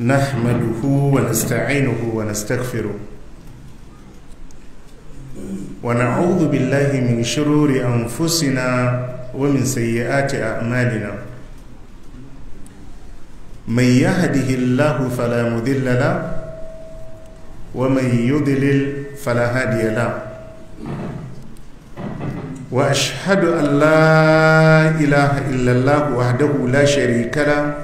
نحمده ونستعينه ونستغفره ونعوذ بالله من شرور أنفسنا ومن سيئات أعمالنا من يهده الله فلا مذل له ومن يضلل فلا هادي له وأشهد أن لا إله إلا الله وحده لا شريك له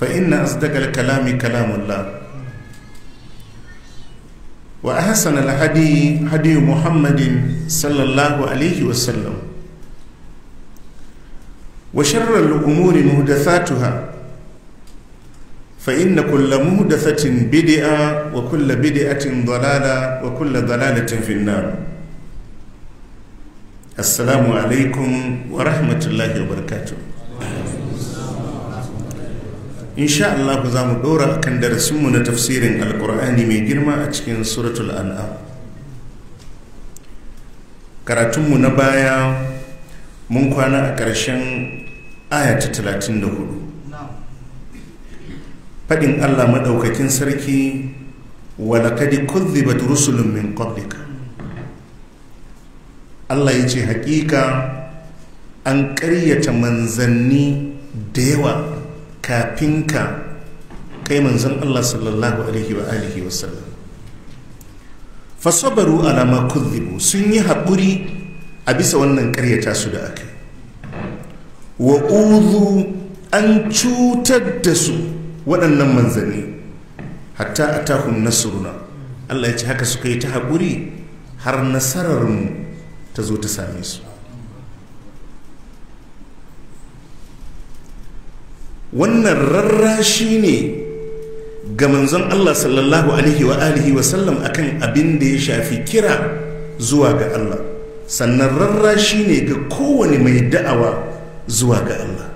فإن أصدق الكلام كلام الله وأحسن الهدي هدي محمد صلى الله عليه وسلم وشر الأمور مهدثاتها فإن كل مهدثة بدعة وكل بدعة ضلالة وكل ضلالة في النار السلام عليكم ورحمة الله وبركاته insha Allah za mu dora akan darasinmu na tafsirin alkur'ani mai girma a cikin suratul an'am karatunmu na baya mun kwana a ƙarshen aya ta 34 faɗin Allah maɗaukakin sarki walakadi kuzzibat rusulun min qablika Allah ya ce hakika an ƙaryata manzanni da yawa kafin ka kai manzon Allah sallallahu alaihi wa alihi wa sallam fasabaru alama kuzibu sun yi haƙuri a bisa wannan ƙaryata su da aka wa uzu an cutar da su waɗannan manzanni hatta a takun nasuruna Allah ya ce haka suka yi ta haƙuri har nasararmu ta zo ta same su wannan rarrashi ne ga manzon Allah sallallahu alaihi wa alihi wa sallam akan abin da ya shafi kira zuwa ga Allah sannan rarrashi ne ga kowane mai da'awa zuwa ga Allah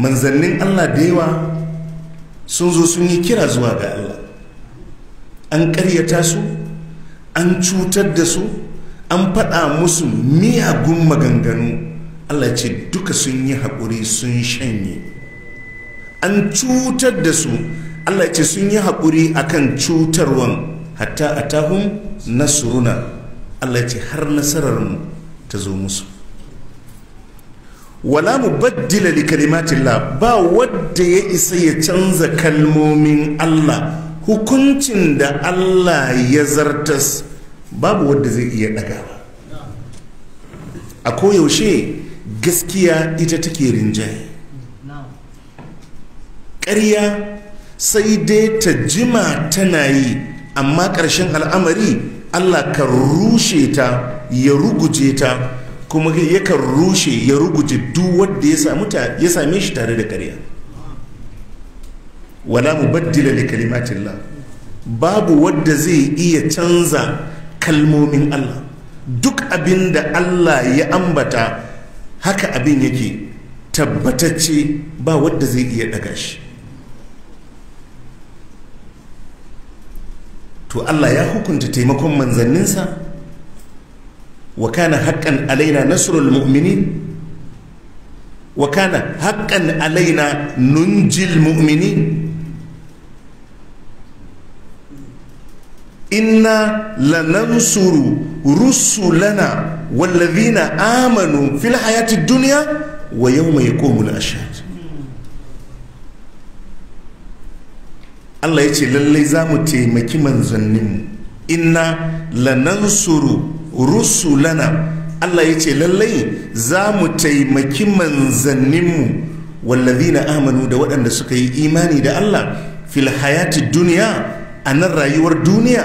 manzannin Allah da yawa sun zo sun yi kira zuwa ga Allah an ƙaryata su an cutar da su an faɗa musu miyagun maganganu allah ce duka sun yi haƙuri sun shanye an cutar da su allah ce sun yi haƙuri akan cutarwan hatta a tahun nasuruna allah ce har nasararmu ta zo musu wala mu baddila li kalimatillah ba wadda ya isa ya canza kalmomin allah hukuncin da allah ya zartas babu wadda zai iya ɗagawa a koyaushe gaskiya ita take rinjaye ƙarya sai dai ta jima tana yi amma ƙarshen al'amari allah kan rushe ta ya ruguje ta kuma yakan rushe ya ruguje duk wadda ya same shi tare da ƙarya wala mu baddila da kalimatillah babu wadda zai iya canza kalmomin allah duk abin da allah ya ambata haka abin yake tabbatacce ba wadda zai iya daga shi to Allah ya hukunta taimakon manzanninsa wa kana haƙƙan alaina nasrul mu'minin wa kana haƙƙan alaina nunjil mu'minin inna lanansuru rusulana wallazina amanu fil hayati dunya wa yawma yaqumul ashirin. Allah ya ce lallai za taimaki manzannin inna lanansuru rusulana Allah ya lallai za mu taimaki manzanninmu wallazina amanu da waɗanda suka yi imani da Allah fil hayati duniya. a nan rayuwar duniya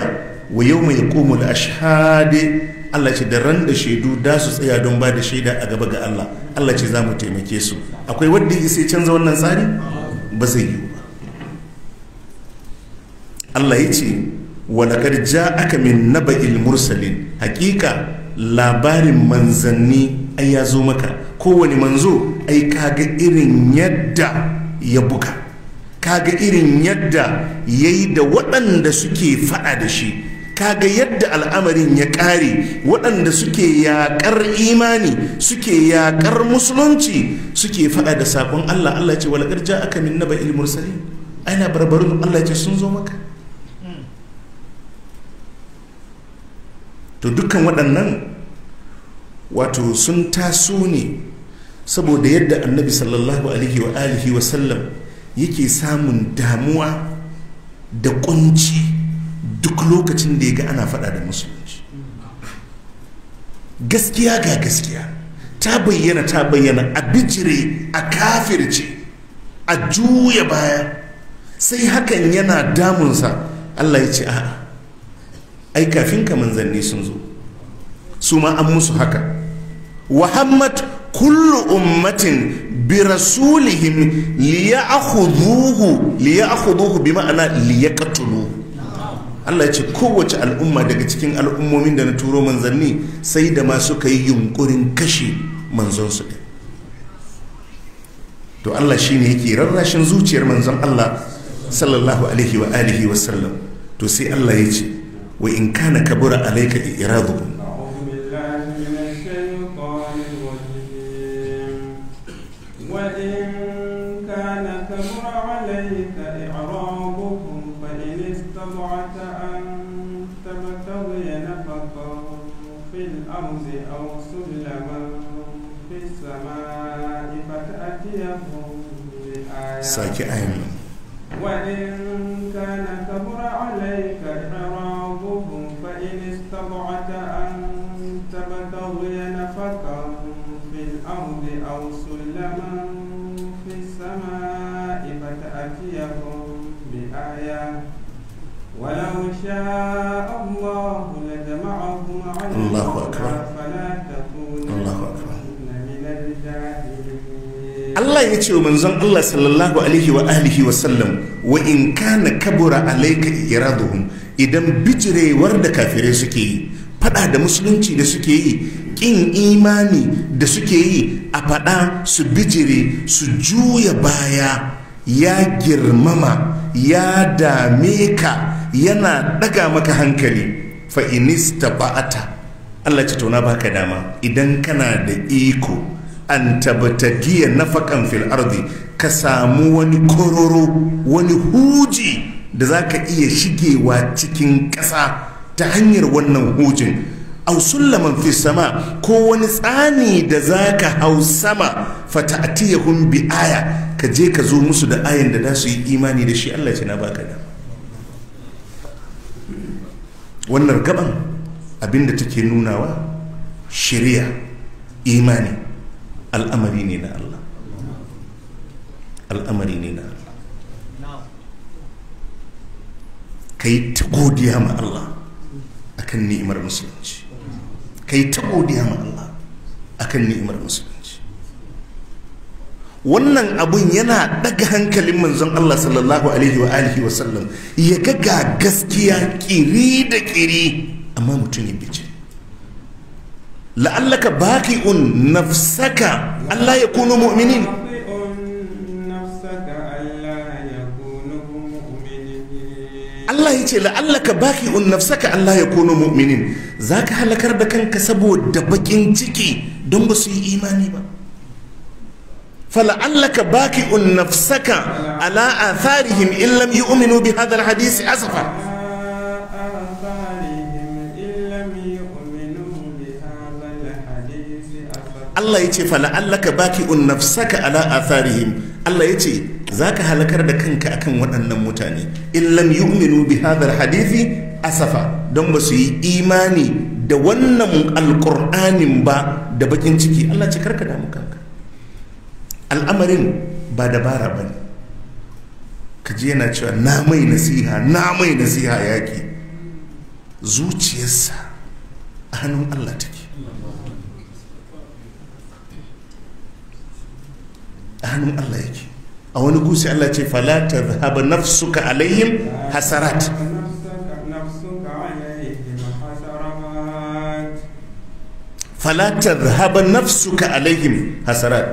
wa yau mai komul ashadi Allah ce da ran da shaidu da su tsaya don ba da shaida a gaba ga Allah Allah ce za mu taimake su akwai wadda ya sai canza wannan tsari ba zai yi ba Allah ya ce kar ja aka min naba'il mursalin hakika labarin manzanni ai ya zo maka kowane manzo ai kaga irin yadda ya buga kaga irin yadda ya yi da waɗanda suke faɗa da shi kaga yadda al'amarin ya ƙare waɗanda suke yaƙar imani suke yaƙar musulunci suke faɗa da saƙon allah allah ce walaƙar ja aka min na ba'il mursali aina barbarun allah ce sun zo maka to dukkan waɗannan wato sun taso ne saboda yadda annabi sallallahu alaihi wa alihi wa sallam yake samun damuwa da kunci duk lokacin da ya ga ana fada da musulunci gaskiya ga gaskiya ta bayyana ta bayyana a bijire a kafirce a juya baya sai hakan yana damunsa allah ya ce a'a ai kafin ka manzanni sun zo su ma an musu haka wahammatu kullu ummatin bi rasulihim liya'khudhuhu bi ma'ana liyaqtulu Allah ya ce kowace al'umma daga cikin al'ummomin da na turo manzanni sai da ma suka yi yunkurin kashe manzon su ɗin to Allah shi ne yake rarrashin zuciyar manzon Allah sallallahu alaihi wa alihi wa sallam to sai Allah ya ce wa in kana kabura alayka iradukum saki ayin وإن كان كبر عليك إعراضهم فإن استطعت أن تبتغي نفقا في الأرض أو سلما في السماء فتأتيهم بآية ولو شاء الله لجمعهم على الله أكبر Allah ya ce wa manzon Allah sallallahu alaihi wa alihi wa sallam wa in kana kabura alayka iraduhum idan bijirewar da kafirai suke yi fada da musulunci da suke yi kin imani da suke yi a fada su bijire su juya baya ya girmama ya dame ka yana daga maka hankali fa inista ba'ata Allah ce tona baka dama idan kana da iko an tabtagiya nafakan fil ka samu wani kororo wani huji da za ka iya shigewa cikin ƙasa ta hanyar wannan hujin au sullaman fi sama ko wani tsani da za ka hau sama fata atiyahum bi aya ka je ka zo musu da ayan da za su yi imani da shi Allah na baka da wannan gaban abinda take nunawa shirya imani al'amari ne na Allah al'amari ne na Allah ka yi ta godiya ma Allah akan ni'imar musulunci ka yi ta godiya ma Allah kan ni'imar musulunci wannan abun yana daga hankalin manzon Allah sallallahu alaihi wa alihi wa sallam ya ga gaskiya kiri da kiri amma mutum ya bice la'allaka baqi'un nafsaka Allah ya kunu mu'minin Allah ya ce la'allaka nafsaka Allah ya kunu mu'minin zaka halakar da kanka saboda bakin ciki don ba su yi imani ba فلعلك باكئ نفسك على آثارهم إن لم يؤمنوا بهذا الحديث أسفا Allah ya ce fala'allaka baki'un nafsaka ala atharihim Allah ya ce za ka halakar da kanka akan waɗannan mutane in lam yu'minu bi hadhal hadithi asafa don ba su yi imani da wannan alqur'anin ba da bakin ciki Allah ce karka damu kanka al'amarin ba dabara Ka ji yana cewa na mai nasiha na mai nasiha yaki zuciyarsa a hannun Allah take a hannun Allah yake a wani gusi Allah ce falata haba nafsuka alayhim hasarat falata nafsuka alayhim hasarat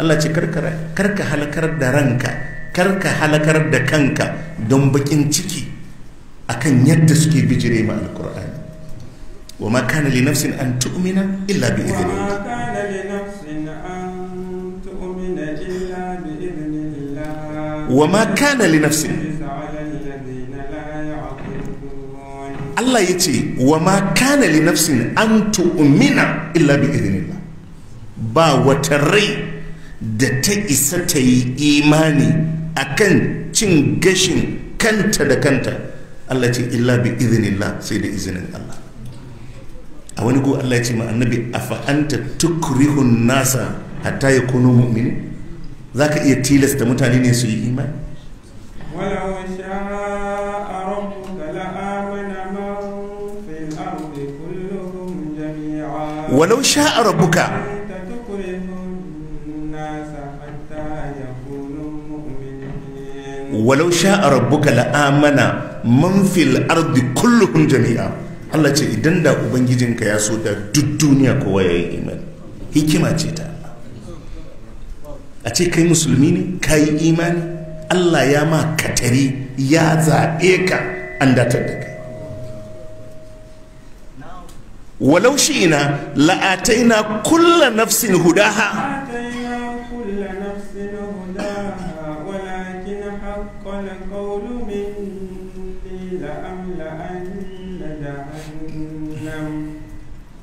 Allah ce karka halakar da ranka karka halakar da kanka don bakin ciki akan yadda suke bijire ma alkur'ani wa ma kana li nafsin an tu'mina illa bi idhnillah wa ma kana li nafsi Allah ya ce wa ma kana li nafsin an tu'mina illa bi idhnillah ba wata rai da ta isa ta yi imani akan cin gashin kanta da kanta Allah ce illa bi idhnillah sai da izinin Allah a wani ko Allah ya ce ma annabi afa anta tukrihun nasa hatta yakunu mu'minin za ka iya tilasta mutane ne su yi imani walau rabu ka walau la'amana manfil ardi kulluhum jami'a Allah ce idan da ubangijinka ya so da duk duniya kowa ya yi imani hikima ce ta a ce kai musulmi ne ka yi imani allah ya ma katari ya zaɓe ka an datar da kai walau shi ina la'atai na kulla nafsin hudaha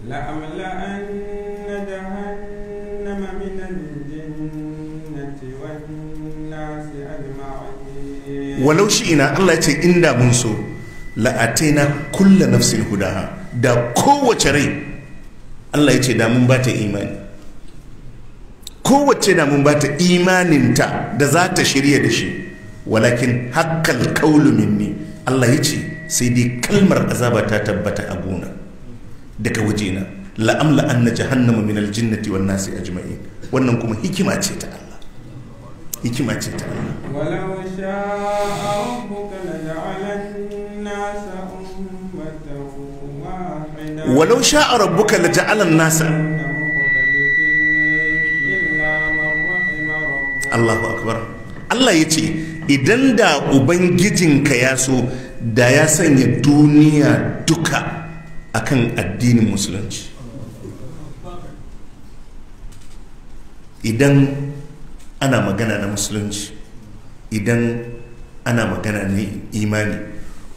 la'amla'an walau shi ina Allah ya ce inda mun so la'ataina kulla nafsin hudaha da kowace rai Allah ya ce da mun bata imani kowace da mun bata imaninta da za ta shirya da shi walakin hakkal kaulu minni Allah ya ce sai dai kalmar azaba ta tabbata a gona daga wajena la'amla an na jahannama min aljinnati wan nasi ajma'in wannan kuma hikima ce ta Allah hikima ce walau sha'a rabbuka nasa nasa Allahu akbar Allah ya ce idan da ka ya so da ya sanya duniya duka akan addinin musulunci idan ana magana na musulunci idan ana magana na imani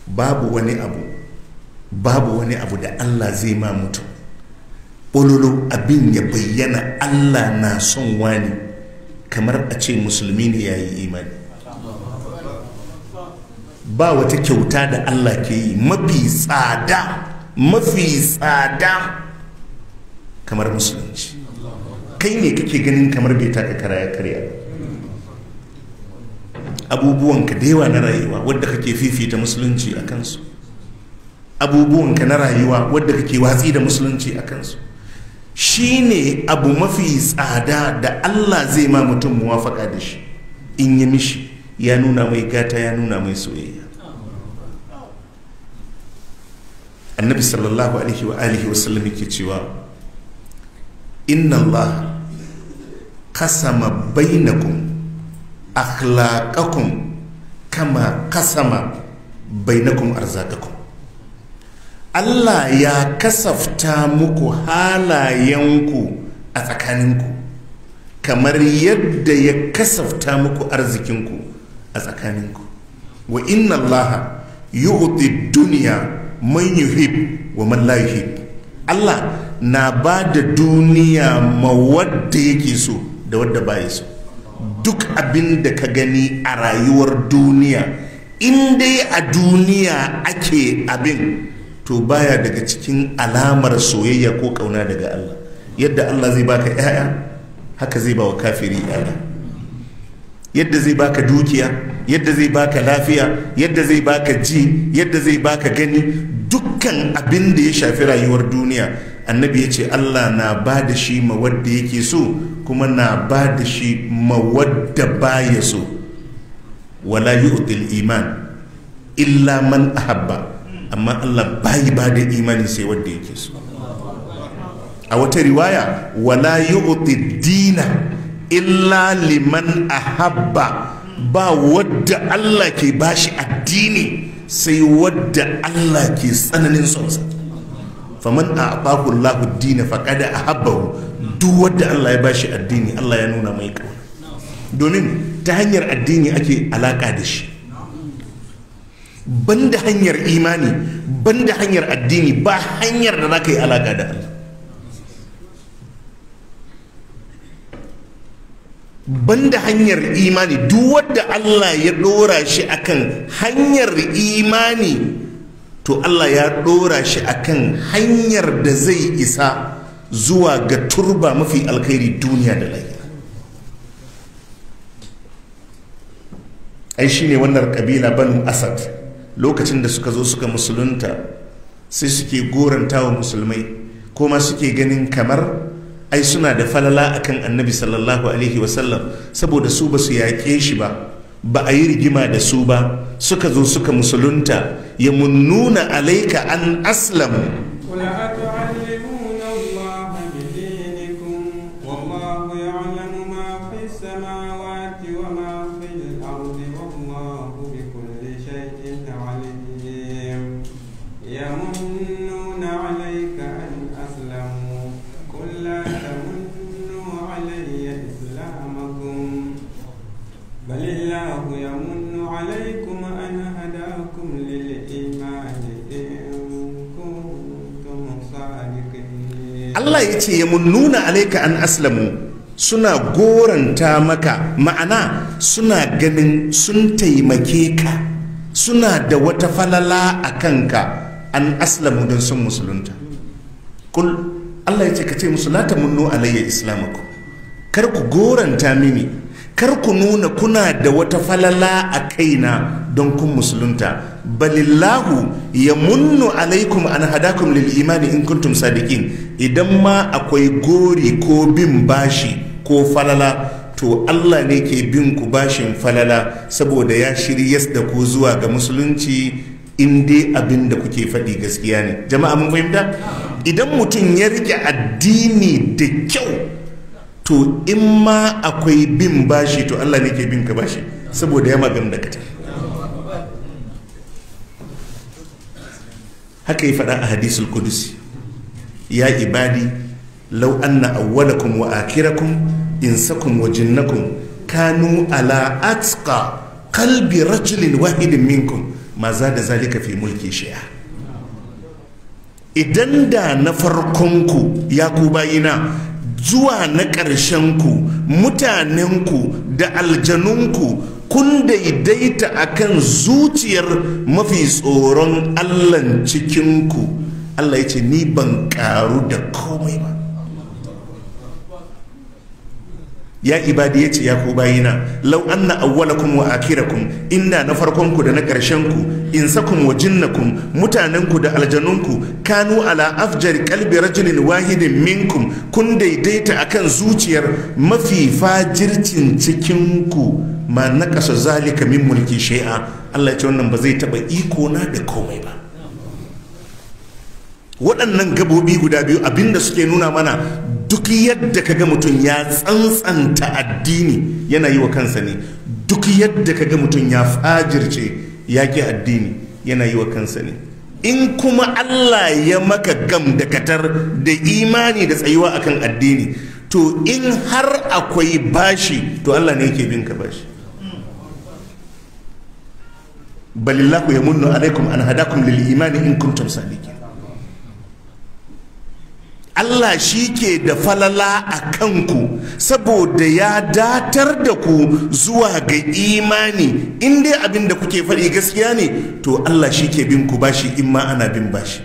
babu wani abu babu wani abu da allah zai ma mutum ƙololo abin ya bayyana allah na son wani kamar a ce musulmi ne ya yi imani ba wata kyauta da allah ke yi mafi tsada mafi tsada kamar musulunci kai ne kake ganin kamar bai taka kara ya karya abubuwanka da yawa na rayuwa wadda kake fifita musulunci a kansu abubuwanka na rayuwa wadda kake watsi da musulunci a kansu shi ne abu mafi tsada da allah zai ma mutum muwafaka da shi in yi mishi ya nuna mai gata ya nuna mai soyayya annabi sallallahu alaihi wa alihi wasallam yake cewa inna allah kasama bainakum akhlaqakum kama kasama bainakum arzakakum Allah ya kasafta muku halayenku a tsakaninku kamar yadda ya kasafta muku arzikinku a tsakaninku wa inna Allah yu'ti duniya man yuhib wa man la yuhib Allah na ba da duniya ma wadda yake so da wadda baya so duk abin da ka gani a rayuwar duniya in dai a duniya ake abin to baya daga cikin alamar soyayya ko kauna daga Allah yadda Allah zai baka 'ya'ya haka zai bawa kafiri 'ya'ya yadda zai baka dukiya yadda zai baka lafiya yadda zai baka ji yadda zai baka gani dukkan abin da ya shafi rayuwar duniya annabi ya ce allah na ba da shi ma wadda yake so kuma na ba da shi ma wadda baya so wala yu'til iman illa man ahabba amma allah bayi ba da imani sai wadda yake so a wata riwaya wala yu'ti dina illa liman ahabba ba wadda allah ke bashi addini sai wadda allah ke tsananin sonsa faman a'tahu Allahu dina din a ahabbahu duk wadda Allah ya bashi addini Allah ya nuna mai kauna domin ta hanyar addini ake alaka da shi da hanyar imani ban da hanyar addini ba hanyar da ka yi alaka da Allah da hanyar imani duk wadda Allah ya ɗora shi akan hanyar imani to Allah ya ɗora shi akan hanyar da zai isa zuwa ga turba mafi alkhairi duniya da lahira ai shi ne wannan ƙabila banu asad lokacin da suka zo suka musulunta sai suke goranta wa musulmai kuma suke ganin kamar ai suna da falala akan annabi sallallahu alaihi wasallam saboda su ba su yaƙe shi ba ba a yi rigima da su ba suka zo suka musulunta Yamununa alaika an aslam. Allah ya ce mun nuna alaika an aslamu suna goranta maka ma'ana suna ganin sun taimake ka suna da wata falala a kanka an aslamu don sun musulunta kul Allah ya ce ka ce musu la munnu alayya islamaku kar ku goranta mini kar ku nuna kuna da wata falala a kaina don kun musulunta balillahu ya munnu alaikum an hadakum lil imani in kuntum sadiqin idan ma akwai gori ko bin bashi ko falala to Allah ne ke bin ku bashin falala saboda ya shiryas da ku zuwa ga musulunci in dai abin da kuke faɗi gaskiya ne jama'a mun fahimta idan mutum ya rike addini da kyau to in ma akwai bin bashi to Allah ne ke bin ka bashi saboda ya magana da haka yi faɗa a hadisul kudusi ya ibadi law anna awwalakum wa akirakum insakum wa jinnakum kanu ala atqa qalbi rajulin wahidin minkum ma za da zalika fi mulki shi'a idan da na farkonku ya ku bayina zuwa na ƙarshenku mutanenku da aljanunku kun daidaita akan zuciyar mafi tsoron allan cikinku allah ya ce ni ban ƙaru da komai ba ya ibadi ya ce ya ku bayina lau anna awwalakum wa kun, inda na farkon ku da na karshen ku insakum wa jinnakum mutanen ku da aljanun ku kanu ala afjar kalbi rajulin wahidin minkum kun daidaita akan zuciyar mafi fajircin cikin ku ma naqasa zalika min mulki shay'a Allah ya ce wannan ba zai taba iko na da komai ba waɗannan gabobi guda biyu abinda suke nuna mana duk yadda ka ga mutum ya tsantsanta addini yana yi wa kansa ne duk yadda ka ga mutum ya fajirce ya ki addini yana yi wa kansa ne in kuma Allah ya maka gam da katar da imani da tsayuwa akan addini to in har akwai bashi to Allah ne yake bin ka bashi balillahu yamunnu alaikum an hadakum lil imani in kuntum sadiqin Allah shi ke da falala a kanku saboda ya datar da ku zuwa ga imani in dai abin da kuke faɗi gaskiya ne to Allah shi ke bin ku bashi in ma ana bin bashi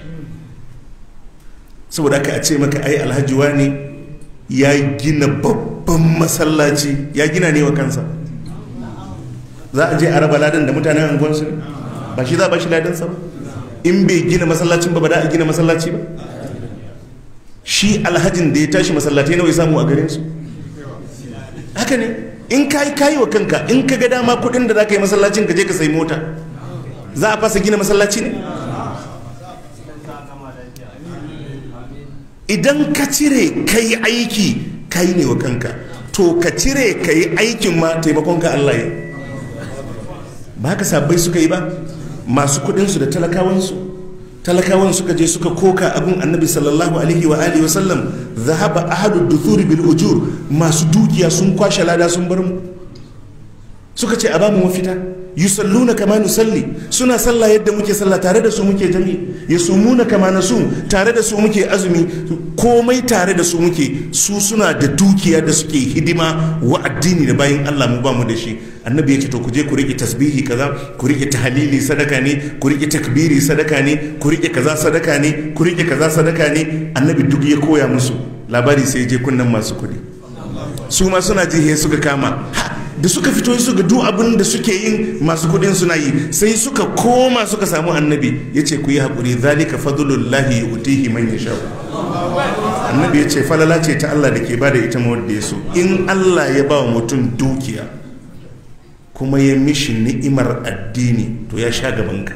saboda aka ce maka ai alhaji ne ya gina babban masallaci ya gina ne wa kansa za a je a raba ladan da mutanen anguwansu ba shi za a bashi ladansa ba in bai gina masallacin ba ba da a gina masallaci ba shi alhajin da ya tashi masallatai nawa ya samu a garin su haka ne in ka yi kayi wa kanka in ka ga dama kudin da za ka yi masallacin ka je ka sai mota za a fasa gina masallaci ne idan ka cire ka yi aiki ka yi ne wa kanka to ka cire ka yi aikin ma taimakon ka Allah ya ba haka sabai suka yi ba masu kudinsu da talakawansu talakawan suka je suka koka abin annabi sallallahu alaihi wa alihi wa sallam zahaba ahadu duthuri bil ujur masu dukiya sun kwashe lada sun bar mu suka ce a bamu mafita yusalluna kama nusalli suna sallah yadda muke sallah tare da su muke jami sumuna kama sun, tare da su muke azumi komai tare da su muke su suna da dukiya da suke hidima wa addini da bayan Allah mu ba mu da shi annabi ya ce to ku je ku rike tasbihi kaza ku rike tahlili sadaka ne ku rike takbiri sadaka ne ku rike kaza sadaka ne ku rike kaza sadaka ne annabi duk ya koya musu labari sai je kunnan masu kuɗi su ma suna jihe suka kama da suka fito su ga duk abin da suke yin masu kuɗin suna yi sai suka koma suka samu annabi ya ce ku yi haƙuri zalika fadlullahi yu'tihi man yasha annabi ya ce falala ce ta Allah da ke ba da ita mawar ya so in Allah ya ba wa mutum dukiya kuma ya mishi ni'imar addini to ya sha gaban ka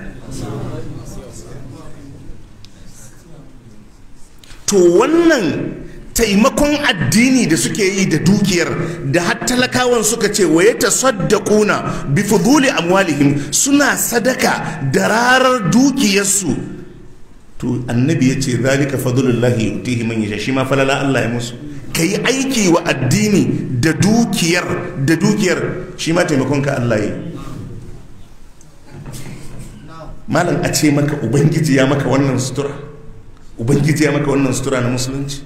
to wannan taimakon addini da suke yi da dukiyar da har talakawan suka ce waye ta saddakuna bi fuduli amwalihim suna sadaka da rarar dukiyarsu to annabi ya ce zalika fadlullahi yutihi man yasha shi ma falala Allah ya musu yi aiki wa addini da dukiyar da dukiyar shi ma taimakon ka Allah ya malam a ce maka ubangiji ya maka wannan sutura ubangiji ya maka wannan sutura na musulunci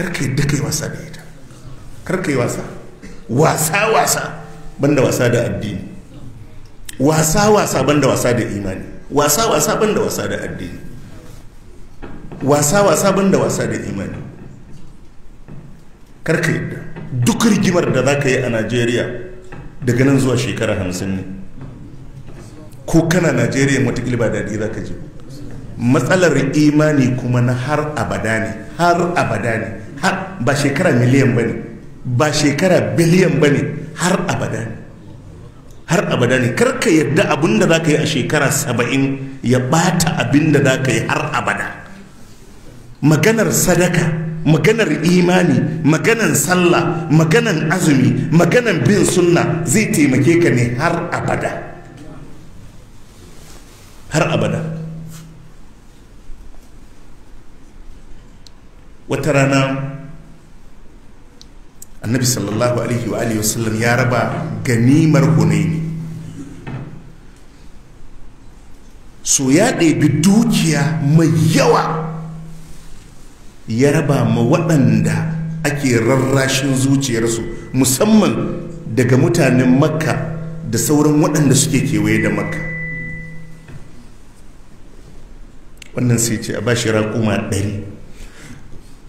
karka yadda kai wasa da ita karka yi wasa wasa wasa banda wasa da addini wasa wasa banda wasa da imani wasa wasa banda wasa da addini wasa wasa banda wasa da imani karka yadda duk rigimar da za ka yi a najeriya daga nan zuwa shekara hamsin ne ko kana najeriya matakil ba daɗi za ka je matsalar imani kuma na har abada ne har abada ne har ba shekara miliyan ba ne ba shekara biliyan ba ne har abada ne har abada ne karka yadda abin da za ka yi a shekara saba'in ya bata abin da za ka yi har abada maganar sadaka maganar imani maganar sallah maganar azumi maganar bin sunna zai taimake ka ne har abada har abada wata rana annabi sallallahu alaihi wa alihi wasallam ya raba ganimar hunaini so ya ɗebi dukiya mai yawa ya raba ma waɗanda ake rarrashin zuciyarsu musamman daga mutanen makka da sauran waɗanda suke kewaye da makka wannan sai ce a bashi raƙuma ɗari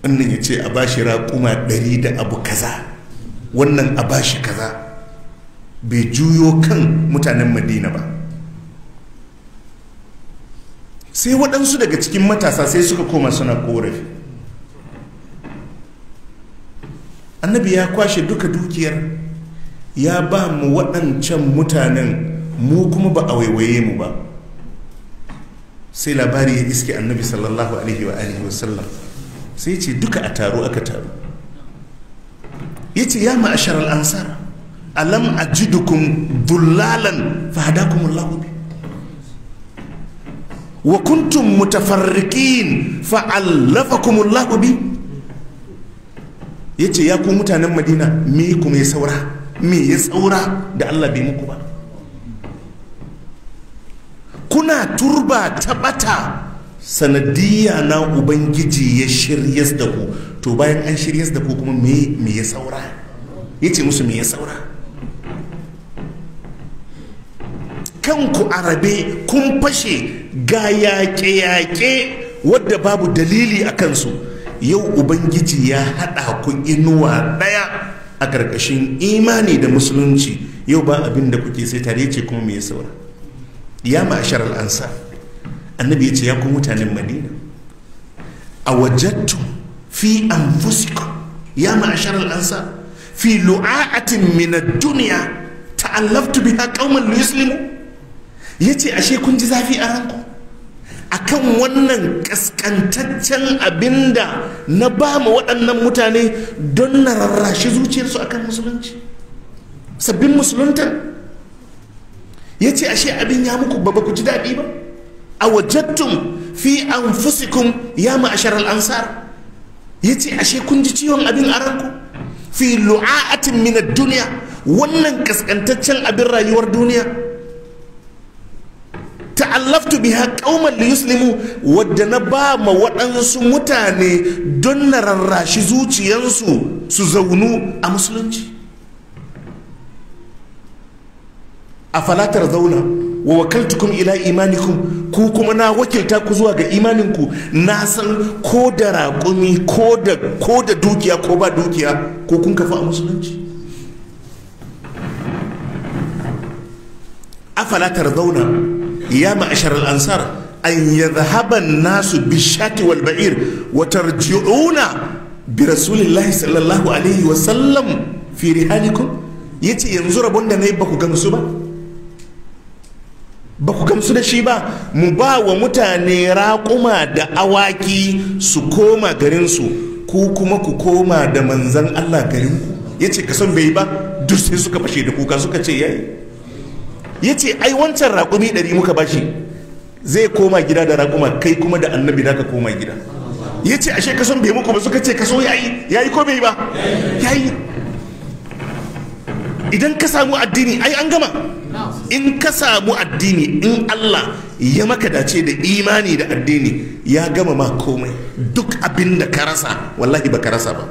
wannan ya ce a bashi raƙuma ɗari da abu kaza wannan a bashi kaza bai juyo kan mutanen madina ba sai waɗansu daga cikin matasa sai suka koma suna korafi annabi ya kwashe duka dukiyar ya ba mu waɗancan mutanen mu kuma ba a waiwaye mu ba sai labari ya iske annabi sallallahu alaihi wa alihi wasallam sai ce duka a taro aka taru ya ce ya ma'ashar al'ansar alam ajidukum dullalan fahada kuma bi wa kuntum mutafarrikin fa'allafa kuma ya ce ya ku mutanen madina me kuma ya saura me ya saura da Allah bai muku ba kuna turba ta ɓata? sanadiyya na ubangiji ya shirya da ku to bayan an shirya da ku kuma me ya saura ya musu me ya saura kanku arabe kun fashe ga yaƙe-yaƙe wadda babu dalili a kansu yau ubangiji ya haɗa ku inuwa ɗaya a ƙarƙashin imani da musulunci yau ba abin da kuke sai tare ce kuma me ya saura ya ma'ashar al'ansa annabi ya ce ya ku mutanen madina a wajattu fi anfusikum ya ma'ashar ansa fi lu'a'atin min ad-dunya ta'allaftu biha qauman ya yace ashe kun ji zafi a ranku akan wannan kaskantaccen abinda na ba mu waɗannan mutane don na rarrashi zuciyarsu akan musulunci sabbin musulunta yace ashe abin ya muku ba ku ji daɗi ba a awajattum fi fusikun ya ma'ashar al'ansar ansar yace ashe kun ji ciwon abin a ranku fi lu'a'atin a ad duniya wannan kaskantaccen abin rayuwar duniya ta'allaftu biha qauman li yuslimu wadda na ba ma waɗansu mutane don na rarrashi zuciyansu su zaunu a musulunci a falatar zauna wa wakaltukum ila imanikum ku kuma na wakilta ku zuwa ga imaninku na san ko da raƙumi ko da dukiya ko ba dukiya ko kun kafa a musulunci afala tarzauna ya ma'ashar al'ansar an yadhahaban nasu bishati wal ba'ir wa tarji'una bi rasulillahi sallallahu alaihi wa sallam fi rihalikum yace yanzu rabon da nayi ba ku gamsu ba ba ku gamsu da shi ba mu ba wa mutane raƙuma da awaki su koma garinsu ku kuma ku koma da manzan Allah garinku ya ce ka son bai ba duk sai suka fashe da kuka suka ce yayi ya ce ai wancan raƙumi ɗari muka bashi zai koma gida da raƙuma kai kuma da annabi da ka koma gida ya ce ashe ka son bai muku ba suka ce ka so yayi yayi ko bai ba yayi idan ka samu addini ai an gama in ka samu addini in Allah ya maka dace da imani da addini ya gama ma komai duk abin da ka rasa wallahi ba ka rasa ba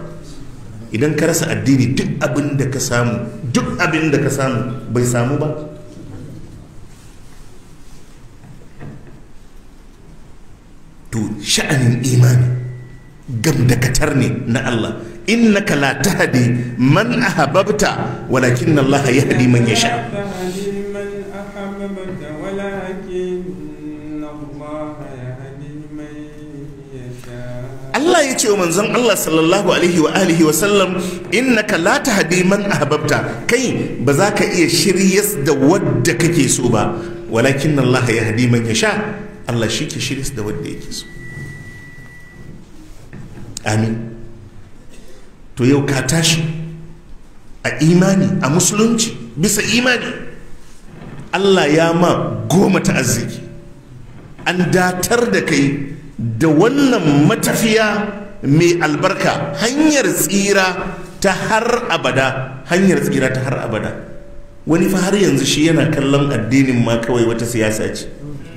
idan ka rasa addini duk abin da ka samu duk abin da ka samu bai samu ba to sha'anin imani gamdakatar ne na Allah innaka la tahdi man ahbabta walakin Allah yahdi man yasha Allah ya ce wa manzon Allah sallallahu alaihi wa alihi wa sallam innaka la tahdi man ahbabta kai ba za ka iya shiryas da wadda kake so ba walakin Allah yahdi man yasha Allah shi ke shiryas da wadda yake so amin to yau ka tashi a imani a musulunci bisa imani allah ya ma goma ta arziki an datar da kai da wannan matafiya mai albarka hanyar tsira ta har abada hanyar tsira ta har abada wani fa har yanzu shi yana kallon addinin ma kawai wata siyasa ce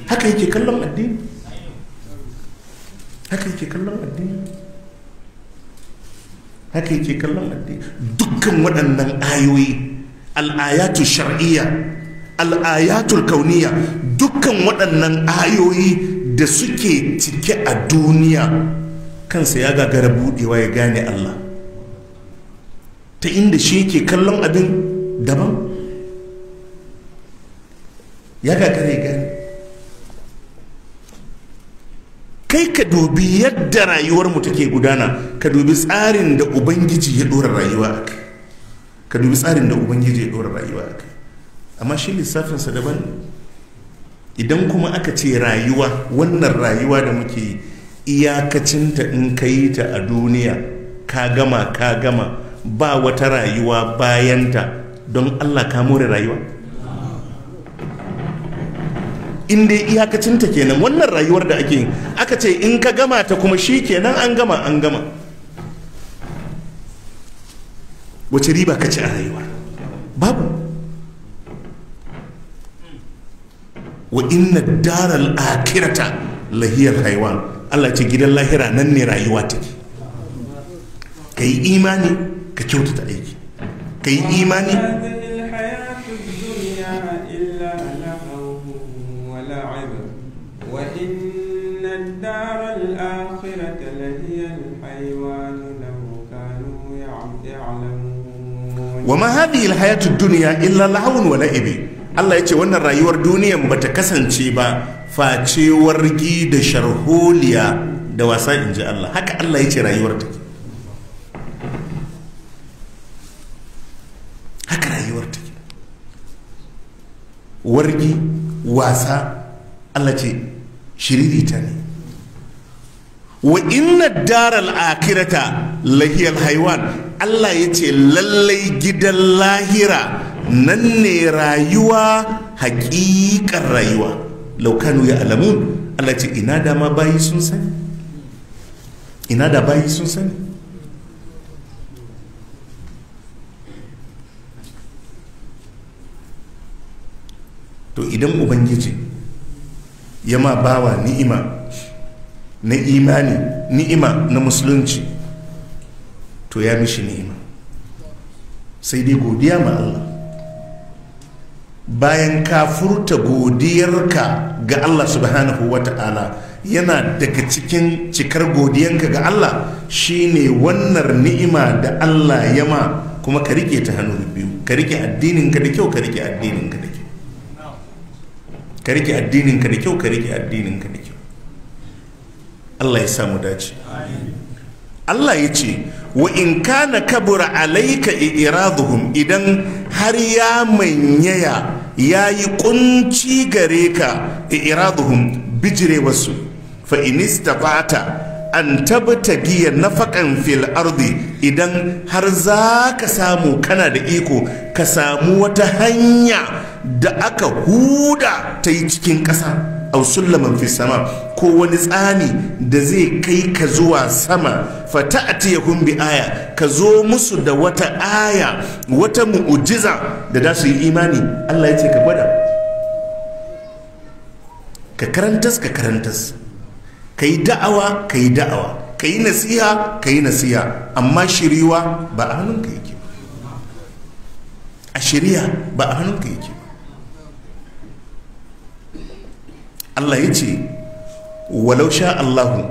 haka yake kallon addini haka yake kallon addini haka yake kallon addini dukkan waɗannan ayoyi al'ayatul shar'iyya al'ayatul kauniya dukkan waɗannan ayoyi da suke cike a duniya kansa ya gagara budewa ya gane Allah ta inda shi yake kallon abin daban ya gagara ya gane kai ka dubi yadda rayuwarmu mu take gudana ka dubi tsarin da ubangiji ya dora rayuwa a kai ka dubi tsarin da ubangiji ya dora rayuwa a kai amma shi lissafinsa daban idan kuma aka ce rayuwa wannan rayuwa da muke iyakacinta in ka ta a duniya ka gama ka gama ba wata rayuwa bayanta don allah ka more rayuwa in dai iyakacinta kenan wannan rayuwar da ake yi aka ce in ka gama ta kuma shi kenan an gama an gama wace riba ka ci a rayuwa babu wa inna daral akirata lahiyar haiwan Allah ce gidan lahira nan ne rayuwa take ka yi imani ka kyautata aiki ka imani wa الآخرة لهي duniya لو كانوا يعلمون وما هذه Allah ya ce wannan rayuwar duniyan bata kasance ba face wargi da sharholiya da wasa in ji Allah haka Allah ya ce rayuwar take haka wargi wasa Allah ce shiririta ne wa inna daral akirata lahiyar haiwan Allah ya ce lallai gidan lahira nan ne rayuwa haƙiƙar rayuwa laukanu ya alamun Allah ce ina da ma bayi sun sani ina da bayi sun sani to idan ubangiji ya ma bawa ni'ima na imani ni'ima na musulunci to ya mishi ni'ima sai dai godiya ma Allah bayan ka furta godiyarka ga Allah subhanahu wa ta'ala yana daga cikin cikar godiyanka ga Allah shine wannan ni'ima da Allah ya ma kuma ka rike ta hannu biyu ka rike addinin ka da kyau ka rike addinin ka da kyau ka rike addinin ka da kyau ka rike addinin ka da kyau Allah ya samu dace Allah ya ce wa in kana kabura alaika iraduhum idan har ya manyaya ya yi kunci gare ka iraduhum bijire wasu fa inistafata an na nafakan fil ardi idan har za ka samu kana da iko ka samu wata hanya da aka huda ta yi cikin ƙasa ausulla sullaman fi sama ko wani tsani da zai kai ka zuwa sama fa ta'tiyahum bi aya ka zo musu da wata aya wata mu'ujiza da za su yi imani Allah ya ce ka gwada ka karantas ka karantas ka yi da'awa ka yi da'awa ka yi nasiha ka yi nasiha amma shiriwa ba a hannunka yake a shiriya ba a hannunka yake Allah ya ce walau sha Allahu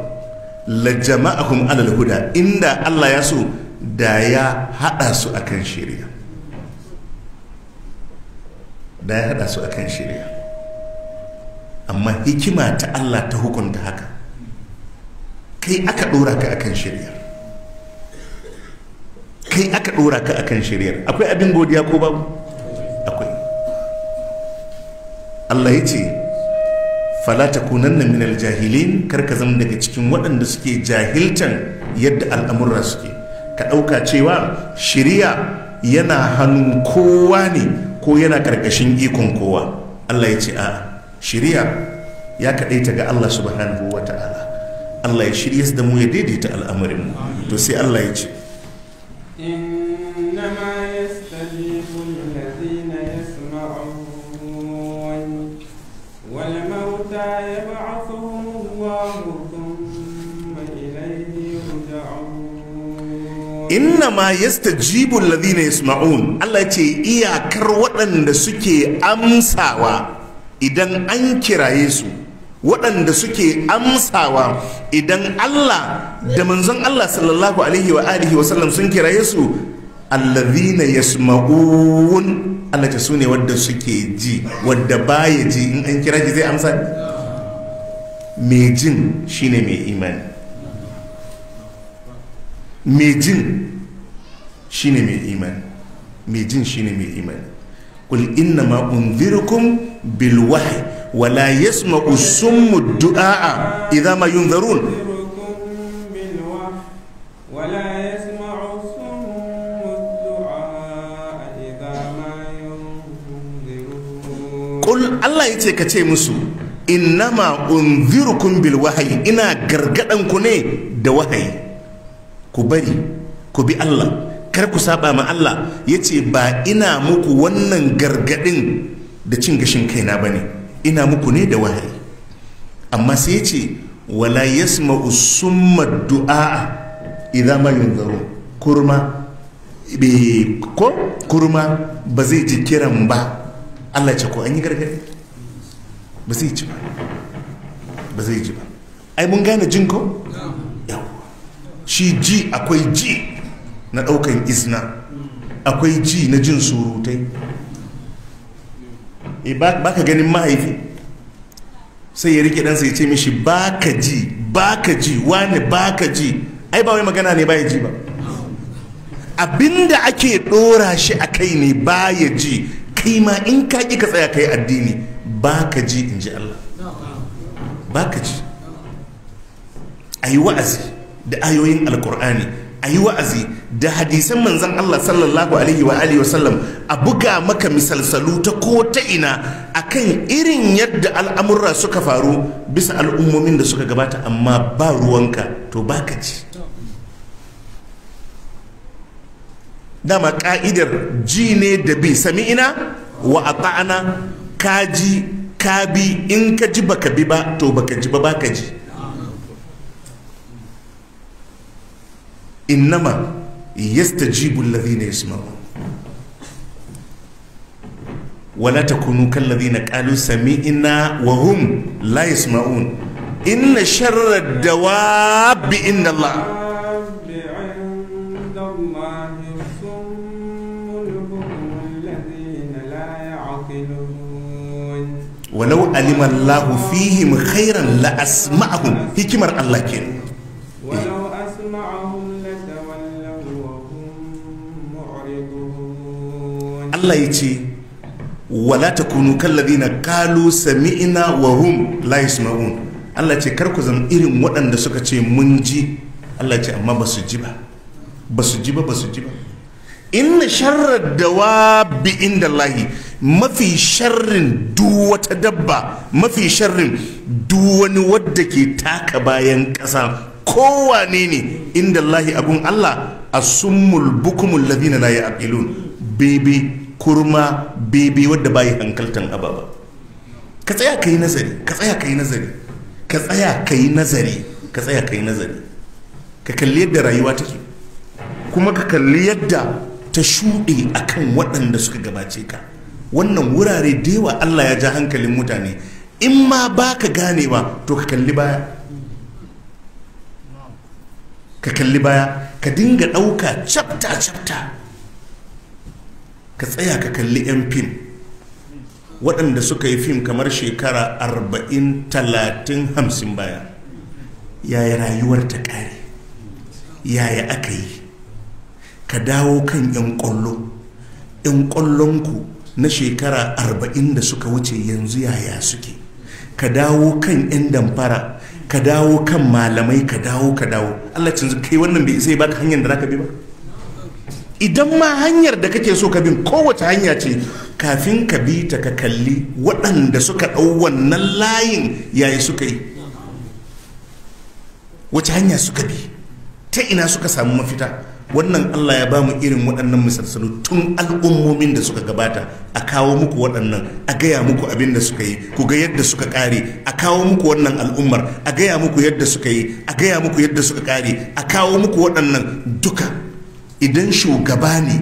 la jama'ahum alal huda inda Allah ya so da ya hada su akan shari'a da ya hada su akan shari'a amma hikima ta Allah ta hukunta haka kai aka dora ka akan shari'a kai aka dora ka akan shari'a akwai abin godiya ko babu akwai Allah ya ce fala takunanna minal jahilin kar ka zama daga cikin waɗanda suke jahiltan yadda al'amurra suke ka ɗauka cewa shiriya yana hannun kowa ne ko yana ƙarƙashin ikon kowa Allah ya ce a shiriya ya kaɗaita ga Allah subhanahu wa ta'ala Allah ya shirya da mu ya daidaita al'amarin to sai Allah ya ce inna ma yasta jibun Ladina yasma'un Allah ce iyakar waɗanda suke amsawa idan an kiraye su waɗanda suke amsawa idan Allah da manzon Allah sallallahu alaihi wa alihi wa sallam sun kiraye su alladhina yasma'un Allah ta sune wanda suke ji wanda baya ji in an kira ji zai amsa mai jin shine mai imani mejin shi shine mai imani mejin shi shine mai imani kul inna ma unzirukum bil wahyi wa la yasma'u du'a idan ma yunzarun kul Allah ce ka ce musu innama unzirukum bil wahyi ina gargadan ku ne da wahayi ku bari ku bi Allah kar ku saba ma Allah ya ce ba ina muku wannan gargadin da cin gashin kaina ba ne ina muku ne da wahayi amma sai ya ce wala yasma summa du'a idan ma yunzaru kurma be ko kurma ba zai ji kiran ba Allah ce ko an yi gargadi ba zai ji ba ba zai ji ba ai mun gane jinko? ko shi ji akwai ji na ɗaukan izna akwai ji na jin surutai e, ba ka ganin mahaifi sai ya rike ɗansa ya ce mishi ba ka ji ba ka ji wane ba ka ji ai ba wai magana ne ba ya ji ba abinda ake ɗora shi a kai ne ba ya ji kai ma in ka ƙi ka tsaya kai addini ba ka ji in ji Allah ba ka ji a yi wa'azi da ayoyin alkur'ani a yi wa'azi da hadisan manzan Allah sallallahu alaihi wa alihi wasallam a buga maka misalsalu ta ko ta ina a kan irin yadda al'amurra suka faru bisa al'ummomin da suka gabata amma ba ruwanka to ba ka ci dama ka'idar ji ne da bi ina wa a kaji ka ji ka bi in ka ji baka bi ba to baka ji ba ka ji innama yastajibu alladhina yasma'un wala takunu kalladhina qalu sami'na wa hum la yasma'un inna sharra ad-dawabi inda Allah walau lahu fihim khairan la asma'ahum hikimar Allah ke. Allah ya ce wala takunu kalladhina Kalu sami'na wa hum la yasma'un Allah ce kar ku zama irin waɗanda suka ce mun ji Allah ce amma ba su ji ba ba su ji ba ba su ji ba inna sharrar dawa bi inda lahi mafi sharrin duwata dabba mafi sharrin duwani wani wadda ke taka bayan ƙasa kowane ne inda lahi abun Allah a sumul bukumul ladina la ya'qilun bebe kurma bebe wadda yi hankaltan ababa ka tsaya ka yi nazari ka tsaya ka yi nazari ka tsaya ka yi nazari ka tsaya ka yi nazari ka kalli yadda rayuwa take kuma ka kalli yadda ta shuɗe a kan waɗanda suka gabace ka wannan wurare da yawa Allah ya ja hankalin mutane in ma ba ka gane ba to ka kalli baya ka kalli baya ka dinga ɗauka chapter chapter ka tsaya ka kalli 'yan fim waɗanda suka yi fim kamar shekara 40 50 baya yaya rayuwar ta ƙare yaya aka yi ka dawo kan 'yan ƙwallo 'yan ƙwallonku na shekara 40 da suka wuce yanzu yaya suke ka dawo kan 'yan damfara ka dawo kan malamai ka dawo ka dawo allah canzu kai wannan bai sai baka hanyar da za ka bi ba idan ma hanyar da kake so ka bin kowace hanya ce kafin ka bi ta ka kalli waɗanda suka ɗau wannan layin yayi suka yi wace hanya suka bi ta ina suka samu mafita wannan allah ya bamu irin waɗannan misalsalu tun al'ummomin da suka gabata a kawo muku waɗannan a gaya muku abin da suka yi ku ga yadda suka ƙare a kawo muku wannan al'ummar a gaya muku yadda suka yi a gaya muku yadda suka ƙare a kawo muku waɗannan duka idan shugaba ne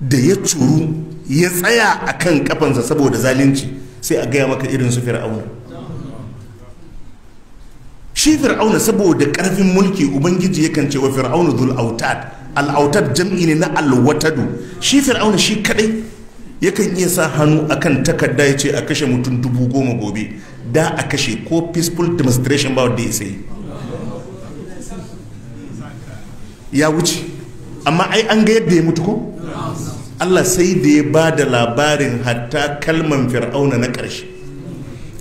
da ya tsuru ya tsaya a kan kafansa saboda zalunci sai a gaya maka irin su fir'auna shi fir'auna saboda karfin mulki ubangiji yakan ce wa fir'auna zul autad al autad jam'i ne na alwatadu shi fir'auna shi kadai yakan iya sa hannu akan takarda ya ce a kashe mutum dubu goma gobe da a kashe ko peaceful demonstration ba wanda ya sai ya wuce amma ai an ga yadda ya mutu ko Allah sai da ya ba da labarin hatta kalman fir'auna na ƙarshe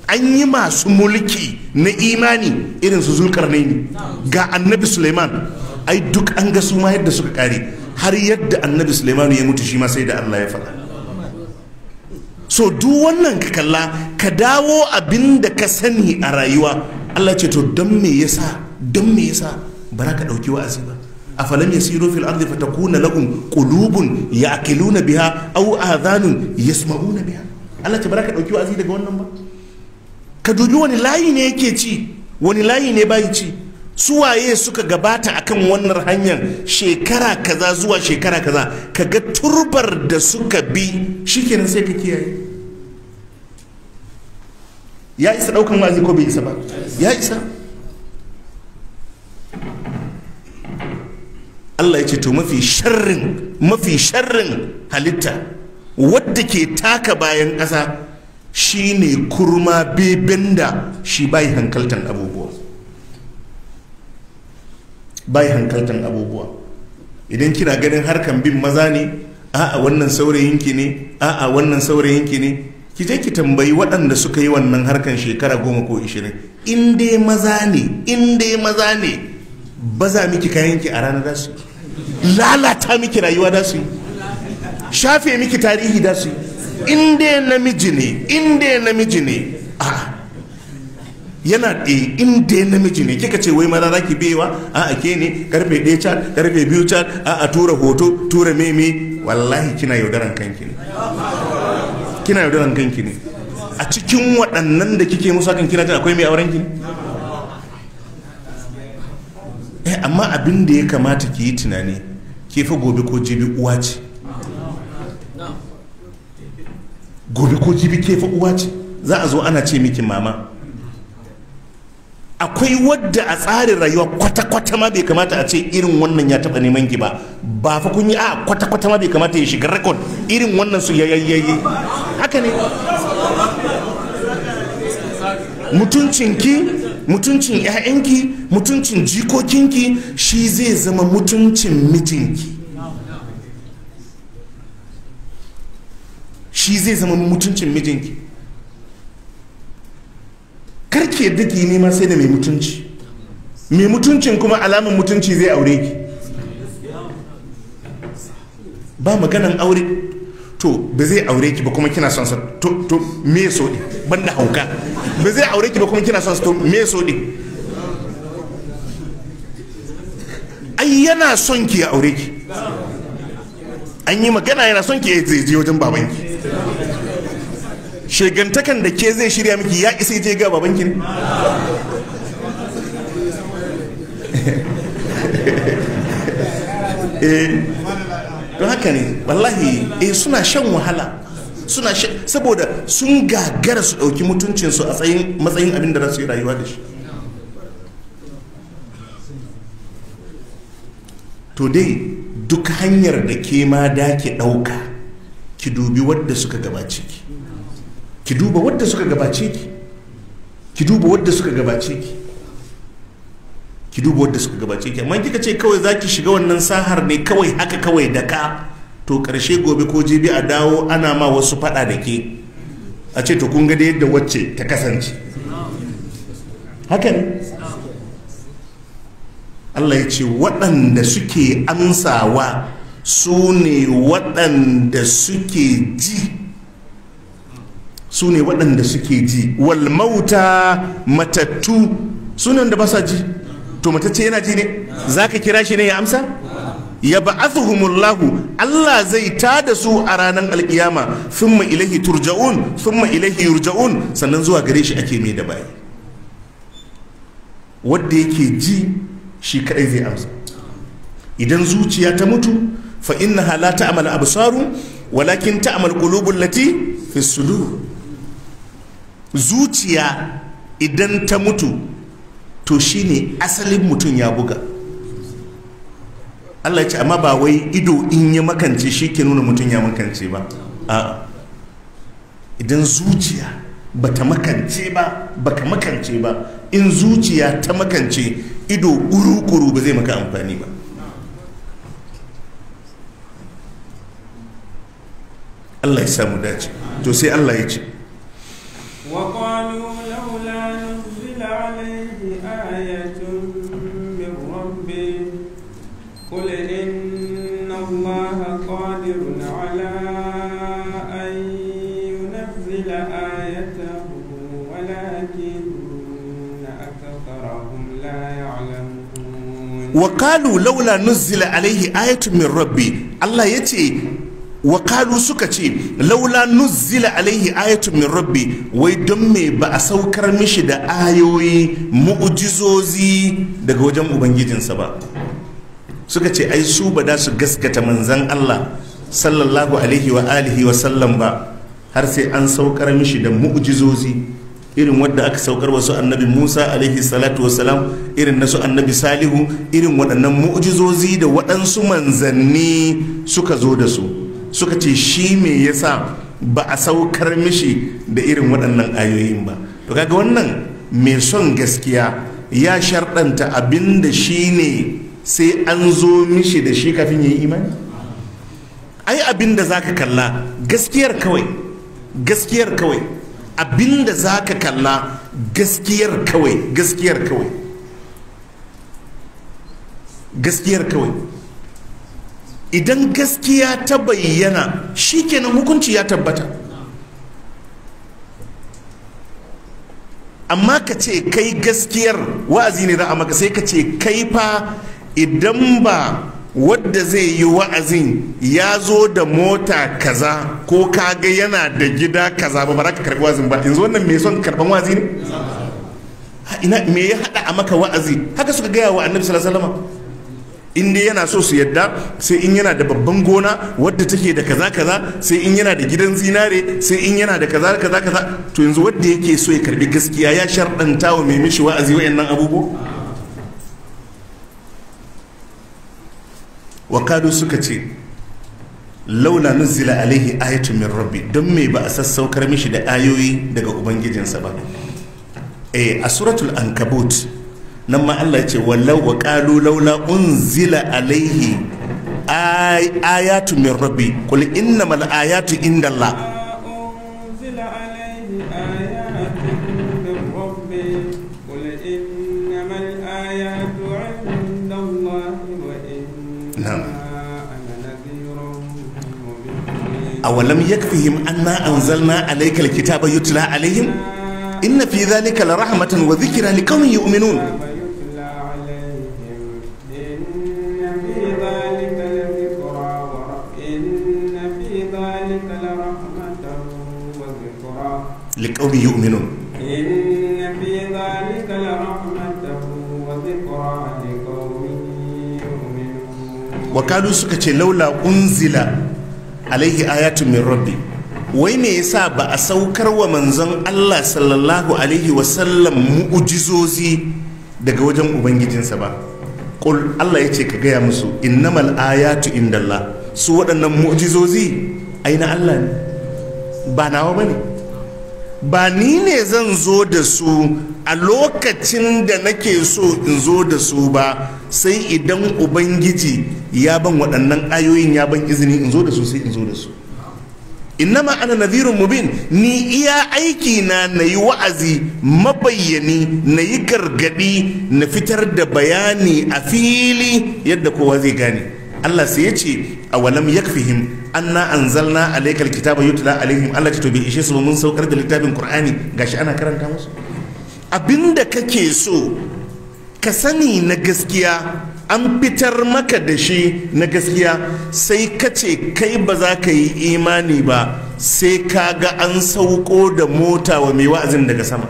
an yi masu mulki na imani irin su zulkarnaini ga annabi suleiman ai duk an ga su ma yadda suka kare har yadda annabi suleiman ya mutu shi ma sai da Allah ya faɗa so duk wannan ka kalla ka dawo abin da ka sani a rayuwa Allah ce to don me yasa don me yasa bara ka ɗauki wa'azi ba afalam yasiru fil ardi fatakuna lahum qulubun ya'qiluna biha aw adhanun yasma'una biha Allah ta baraka dauki wa'azi daga wannan ba ka dubi wani layi ne yake ci wani layi ne bai ci suwaye suka gabata akan wannan hanyar shekara kaza zuwa shekara kaza ka ga turbar da suka bi shikenan sai ka kiyaye ya isa daukan wa'azi ko bai isa ba ya isa Allah ya ce to mafi sharrin mafi sharrin halitta wadda ke taka bayan ƙasa shine kurma beben da shi bai hankaltan abubuwa bai hankaltan abubuwa idan kina ganin harkan bin maza ne a'a wannan saurayin ki ne a'a wannan saurayin ki ne ki je ki tambayi waɗanda suka yi wannan harkan shekara goma ko ishirin in dai maza ne in dai maza ne baza miki kayan ki a ranar su lalata miki rayuwa da su shafe miki tarihi da su inda in namiji ne inda ya namiji ne a yana da eh, in ya namiji ne kika ce wai maza za ki bewa a ake ne karfe ɗaya can karfe biyu can a a tura hoto tura meme wallahi kina yaudaran kanki ne kina yaudaran kanki ne a cikin waɗannan da kike musa kan kina jin akwai mai auren kini. ne eh amma abin da ya kamata ki yi tunani ke fa gobe ko jibi uwa ce gobe ko jibi ke fa uwa ce za a zo ana ce miki mama akwai wadda a tsarin rayuwa kwata-kwata ma bai kamata a ce irin wannan ya taba neman ki ba ba fa kun yi a kwata-kwata ma bai kamata ya shiga rekod irin wannan su yayayyayi haka ne mutuncinki mutuncin 'ya'yanki mutuncin jikokinki shi zai zama mutuncin mijinki shi zai zama mutuncin mijinki karki yadda ki nema sai da mai mutunci mai mutuncin kuma alamun mutunci zai aure ki ba maganan aure to ba zai aure ki ba kuma kina son sa to me so ɗi banda hauka ba zai aure ki ba kuma kina son su me so din ai yana son ki ya aure ki an yi magana yana son ki ya je wajen baban ki. shegantakan da ke zai shirya miki ya isa je ga ki ne eh, don haka ne wallahi eh suna shan wahala suna saboda sun gagara su ɗauki mutuncinsu a matsayin abin da za su yi rayuwa da shi to dai duk hanyar da ke ma da ke ɗauka ki dubi wadda suka gabace ki ki duba wadda suka gabace ki ki duba wadda suka gabace ki ki duba wadda suka gabace ki amma kika ce kawai za ki shiga wannan sahar ne kawai haka kawai da ka to ƙarshe gobe ko jibi a dawo ana ma wasu faɗa da ke a ce to kun ga yadda wacce ta kasance haka ne Allah ya ce waɗanda suke amsawa su ne waɗanda suke ji su ne waɗanda suke ji wal mauta matattu sunan da ba sa ji to matacce yana ji ne za ka kira shi ne ya amsa ya ba'athuhumullahu Allah zai tada su a ranar alkiyama ma ilahi turja'un ma ilahi yurja'un sannan zuwa gare shi ake mai da bayi wanda yake ji shi kadai zai amsa idan zuciya ta mutu fa ta la ta'mal absaru walakin ta'mal qulubul lati fi zuciya idan ta mutu to shine asalin mutum ya buga Allah ya ce amma ba wai ido in ya makance shi ke nuna mutum ya makance ba a idan zuciya ba ta makance ba ba ka makance ba in zuciya ta makance ido kuru-kuru ba zai maka amfani ba Allah ya samu dace to sai Allah ya ce qalu لولا nuzila alayhi ayatun قل إن الله قادر على أن ينزل آيته ولكن أكثرهم لا يعلمون وقالوا لولا نزل عليه آية من ربي الله يتي suka ce laula nuzzila alaihi ayatun min rabbi wai don me ba a saukar mishi da ayoyi mu'ujizozi daga wajen ubangijinsa ba suka ce ai su ba da su gaskata manzan Allah sallallahu alaihi wa alihi wa sallam ba har sai an saukar mishi da mu'jizozi irin wadda aka saukar wasu annabi Musa alaihi salatu wasalam irin nasu annabi Salihu irin waɗannan mu'jizozi da waɗansu manzanni suka zo da su suka ce shi me yasa ba a saukar mishi da irin waɗannan ayoyin ba to kaga wannan mai son gaskiya ya sharɗanta abin da shi ne sai an zo mishi da shi kafin ya yi imani ai abin da za ka kalla gaskiyar kawai gaskiyar kawai abin da za ka kalla gaskiyar kawai gaskiyar kawai gaskiyar kawai idan gaskiya ta bayyana shi kenan hukunci ya tabbata amma ka ce kai gaskiyar wa'azi ne za a maka sai ka ce kai fa idan ba wadda zai yi wa'azin ya zo da mota kaza ko kaga yana da gida kaza ba ba ka karbi wa'azin ba yanzu wannan mai son karban wa'azi ne ina me ya hada a maka wa'azi haka suka gaya wa annabi sallallahu alaihi in dai yana so su yadda sai in yana da babban gona wadda take da kaza kaza sai in yana da gidan zinare sai in yana da kaza kaza kaza to yanzu wadda yake so ya karbi gaskiya ya sharɗanta wa mai mishi wa'azi wa'annan abubuwa wa suka ce laula nuzila alaihi ayatu min rabbi don me ba a sassaukar mishi da ayoyi daga ubangijinsa ba eh a suratul ankabut nan ma Allah ya ce wallau wa qalu laula unzila alaihi ayatu min rabbi qul innamal ayatu indallah awalam yakfihim anna anzalna alaykal kitaba yutla alaihim inna fi dhalika la rahmatan wa dhikra liqaumin yu'minun لقوم يؤمنون إن في ذلك لرحمة وذكرى لقوم يؤمنون alaihi ayatun min rabbi wai me yasa ba a saukar wa manzon Allah sallallahu alaihi wasallam mu'ujizozi daga wajen ubangijinsa ba qul Allah yace ka gaya musu innamal ayatu indallah su waɗannan mu'ujizozi aina Allah ne ba nawa bane ba ni ne zan zo da su a lokacin da nake so in zo da su ba sai idan ubangiji ya ban waɗannan ayoyin ya ban izini in zo da su sai in zo da su innama ana nadhirun mubin ni iya aiki na na yi wa'azi mabayyani na yi gargaɗi na fitar da bayani a fili yadda kowa zai gane allah sai ya ce a walam yakfihim anna anzalna alaykal kitaba yutla alaihim Allah to bai ishe su mun saukar da littafin Qur'ani gashi ana karanta musu abinda kake so ka sani na gaskiya an fitar maka da shi na gaskiya sai ka ce kai ba za ka yi imani ba sai ka ga an sauko da mota wa mai wa'azin daga sama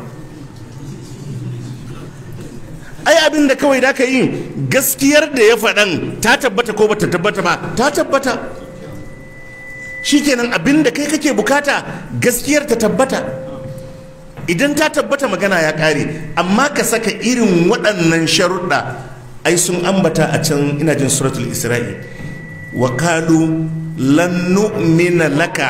ai abin da kawai da ka yi gaskiyar da ya faɗan ta tabbata ko bata tabbata ba ta tabbata shikenan abin da kai kake bukata gaskiyar ta tabbata idan ta tabbata magana ya kare amma ka saka irin waɗannan sharuɗa ai sun ambata a can ina jin suratul isra'i wa kalu lan nu'mina laka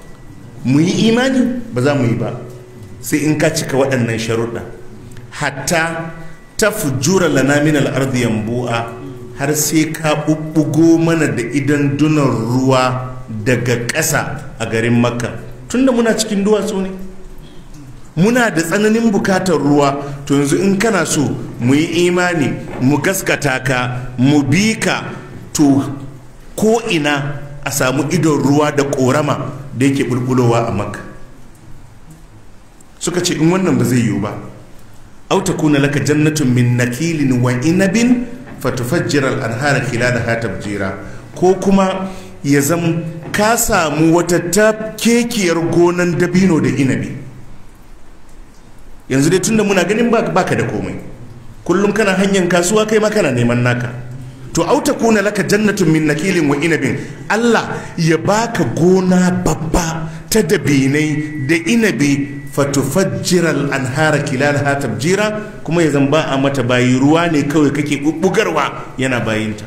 mu yi imani ba za mu yi ba sai in ka cika waɗannan sharuɗa hatta ta fujura lana min al'ardi yambu'a har sai ka ɓuɓɓugo mana da idan dunar ruwa daga ƙasa a garin makka tunda muna cikin duwatsu ne muna da tsananin bukatar ruwa to yanzu in kana so mu yi imani mu gaskata ka mu bi ka to ko ina a samu idon ruwa da korama da yake bulbulowa a maka suka ce in wannan ba zai yiwu ba auta kuna laka jannatun min nakilin wa inabin kila da hata jira ko kuma ya zama ka samu wata kekiyar gonan dabino da inabi yanzu dai tunda muna ganin baka da komai kullum kana hanyar kasuwa kai makana neman naka to au kuna laka jannatun min nakilin wa inabin Allah ya baka gona babba ta dabinai da inabi fatufajjiral anhara kilalaha tabjira kuma ya zan ba a mata bayi ruwa ne kawai kake bugarwa yana bayinta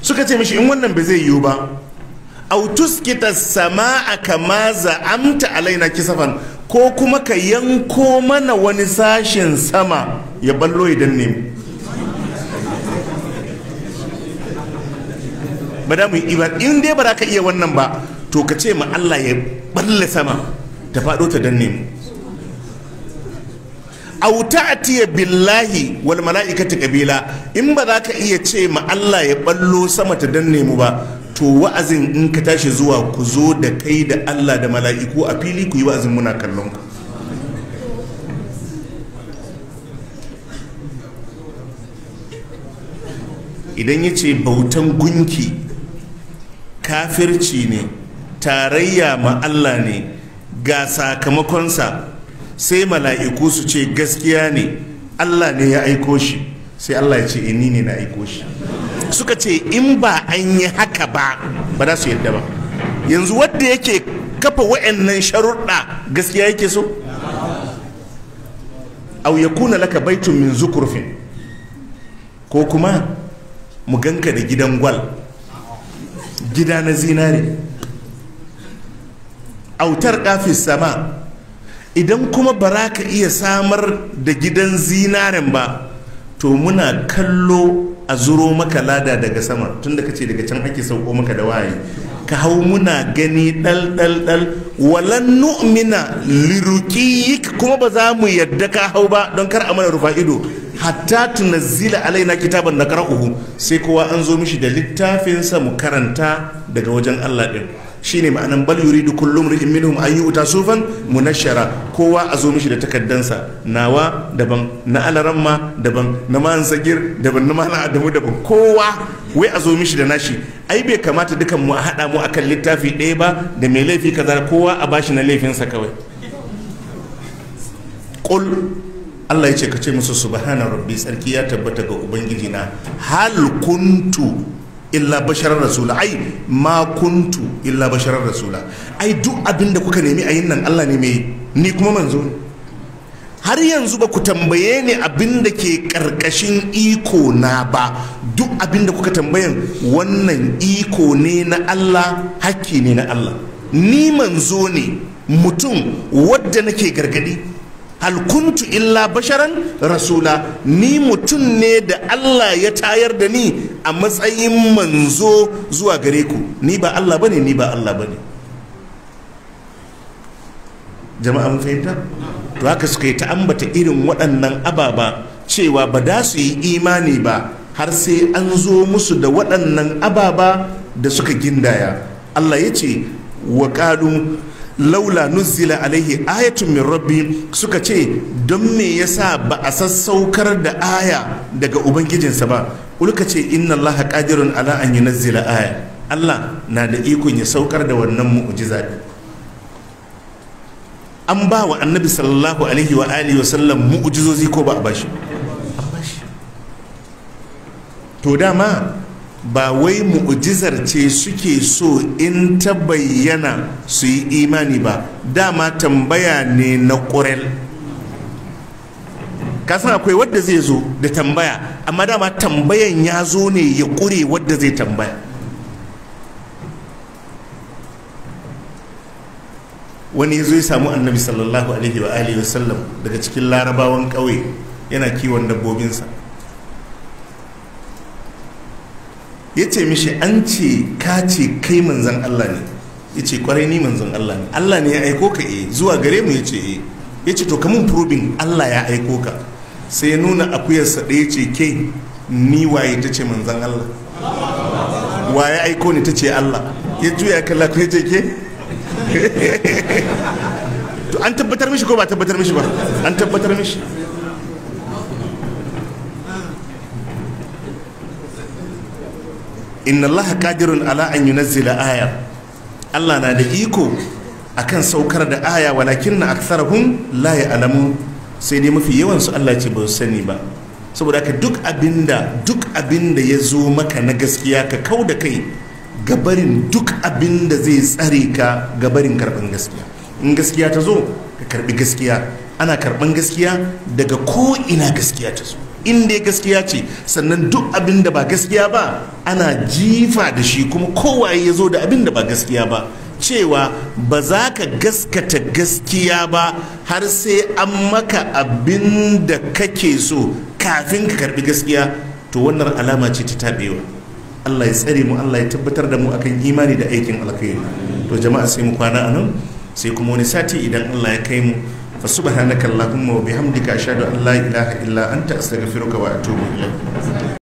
suka ce mishi in wannan ba zai yiwu ba au tuskita sama'a kama za'amta alaina kisafan ko kuma ka yanko mana wani sashen sama ya ballo ya danne mu ba da mu yi iman in dai ba za ka iya wannan ba to ka ce ma Allah ya balle sama ta faɗo ta danne mu aw ta'tiya billahi wal mala'ikati qabila in ba za ka iya ce ma Allah ya ballo sama ta danne mu ba to wa'azin in ka tashi zuwa ku zo da kai da Allah da mala'iku a fili ku yi wa'azin muna kallon ku idan ya ce bautan gunki kafirci ne tarayya ma Allah ne ga sakamakonsa sai mala'iku su ce gaskiya ne Allah ne ya aiko shi sai Allah ya ce eh, ni ne na aiko shi suka ce in ba an yi haka ba ba za su yadda ba yanzu wadda yake kafa wa'annan sharuɗa gaskiya yake so au yakuna laka baitun min zukurfin ko kuma mu ganka da gidan gwal gida na zinare autar kafin sama idan kuma ba ka iya samar da gidan zinaren ba to muna kallo a zuro maka lada daga sama tunda da kace daga can ake sauko maka da waye ka hau muna gani ɗalɗalɗal dal dal walan nu'mina liruqiyik kuma ba za mu yadda ka hau ba don kar a mana rufa ido hatta tunazzila alaina kitaban nakra'uhu sai kowa an zo mishi da littafinsa mu karanta daga wajen Allah ɗin shi ne ma'anan bal yuridu kullum rikin minhum an yu'ta sufan munashara kowa a zo mishi da takaddansa nawa daban na ma daban na man sagir daban na mana adamu daban kowa wai a zo mishi da nashi ai bai kamata dukan mu a hada mu akan littafi ɗaya ba da mai laifi kaza kowa a bashi na laifinsa kawai qul Allah ya ce ka ce musu subhana rabbi sarki ya tabbata ga ubangiji na hal kuntu illa basharar rasula ai ma kuntu illa basharar rasula ai duk abin da kuka nemi a yin nan Allah ne mai ni kuma manzo ne har yanzu ba ku tambaye ni abin da ke karkashin iko na ba duk abin da kuka tambayan wannan iko ne na Allah hakki ne na Allah ni manzo ne mutum wadda nake gargadi hal illa basharan rasula ni mutum ne da Allah ya tayar da ni a matsayin manzo zuwa gare ku ni ba Allah bane ni ba Allah bane jama'a mun fahimta to haka suka yi ta ambata irin waɗannan ababa cewa ba da su yi imani ba har sai an zo musu da waɗannan ababa da suka gindaya Allah ya ce wa ƙadun. laula nuzila alaihi ayatun min rabbi suka ce don me yasa ba a sassaukar da aya daga ubangijinsa ba ulka ce inna Allah qadirun ala an yunazzila aya Allah na da ikon ya saukar da wannan mu'jiza an ba wa annabi sallallahu alaihi wa alihi wa sallam mu'jizozi ko ba a bashi to dama ba wai mu'jizar ce suke so in ta bayyana su yi imani ba dama tambaya ne na ƙurel kasan akwai wadda zai zo da tambaya amma dama tambayan ya zo ne ya ƙure wadda zai tambaya wani ya zo ya samu annabi sallallahu alaihi wa alihi daga cikin larabawan ƙauye yana kiwon dabbobinsa ya ce mishi an ce ka ce kai manzan Allah ne ya ce kwarai ni manzan Allah ne Allah ne ya aiko ka eh zuwa gare mu ya ce eh ya ce to kamun probing Allah ya aiko ka sai ya nuna akuyarsa ya ce ke ni waye ta ce manzan Allah waye aiko ni ta ce Allah ya juya kalla ku ya ce ke to an tabbatar mishi ko ba tabbatar mishi ba an tabbatar mishi inna Allah kadirun ala an yunazzila aya Allah na da iko akan saukar da aya walakin na aksarahum la alamu sai dai mafi yawan su Allah ce ba su sani ba saboda haka duk abinda duk abinda ya zo maka na gaskiya ka kau da kai gabarin duk abinda zai tsare ka gabarin karban gaskiya in gaskiya ta zo ka karɓi gaskiya ana karban gaskiya daga ko ina gaskiya ta zo Inda gaskiya ce sannan duk abin da ba gaskiya ba ana jifa da shi kuma kowaye ya zo da abin da ba gaskiya ba cewa ba za ka gaskata gaskiya ba har sai an maka abin da kake so kafin ka karbi gaskiya to wannan alama ce ta tabewa Allah ya tsare mu Allah ya tabbatar da mu akan imani da aikin alkhairi to jama'a sai mu kwana a nan, sai kuma wani sati idan Allah ya kai mu fa subhanaka allahumma wa bihamdika ashhadu an allah ilaha illa an anta astaghfiruka wa atubu ilayk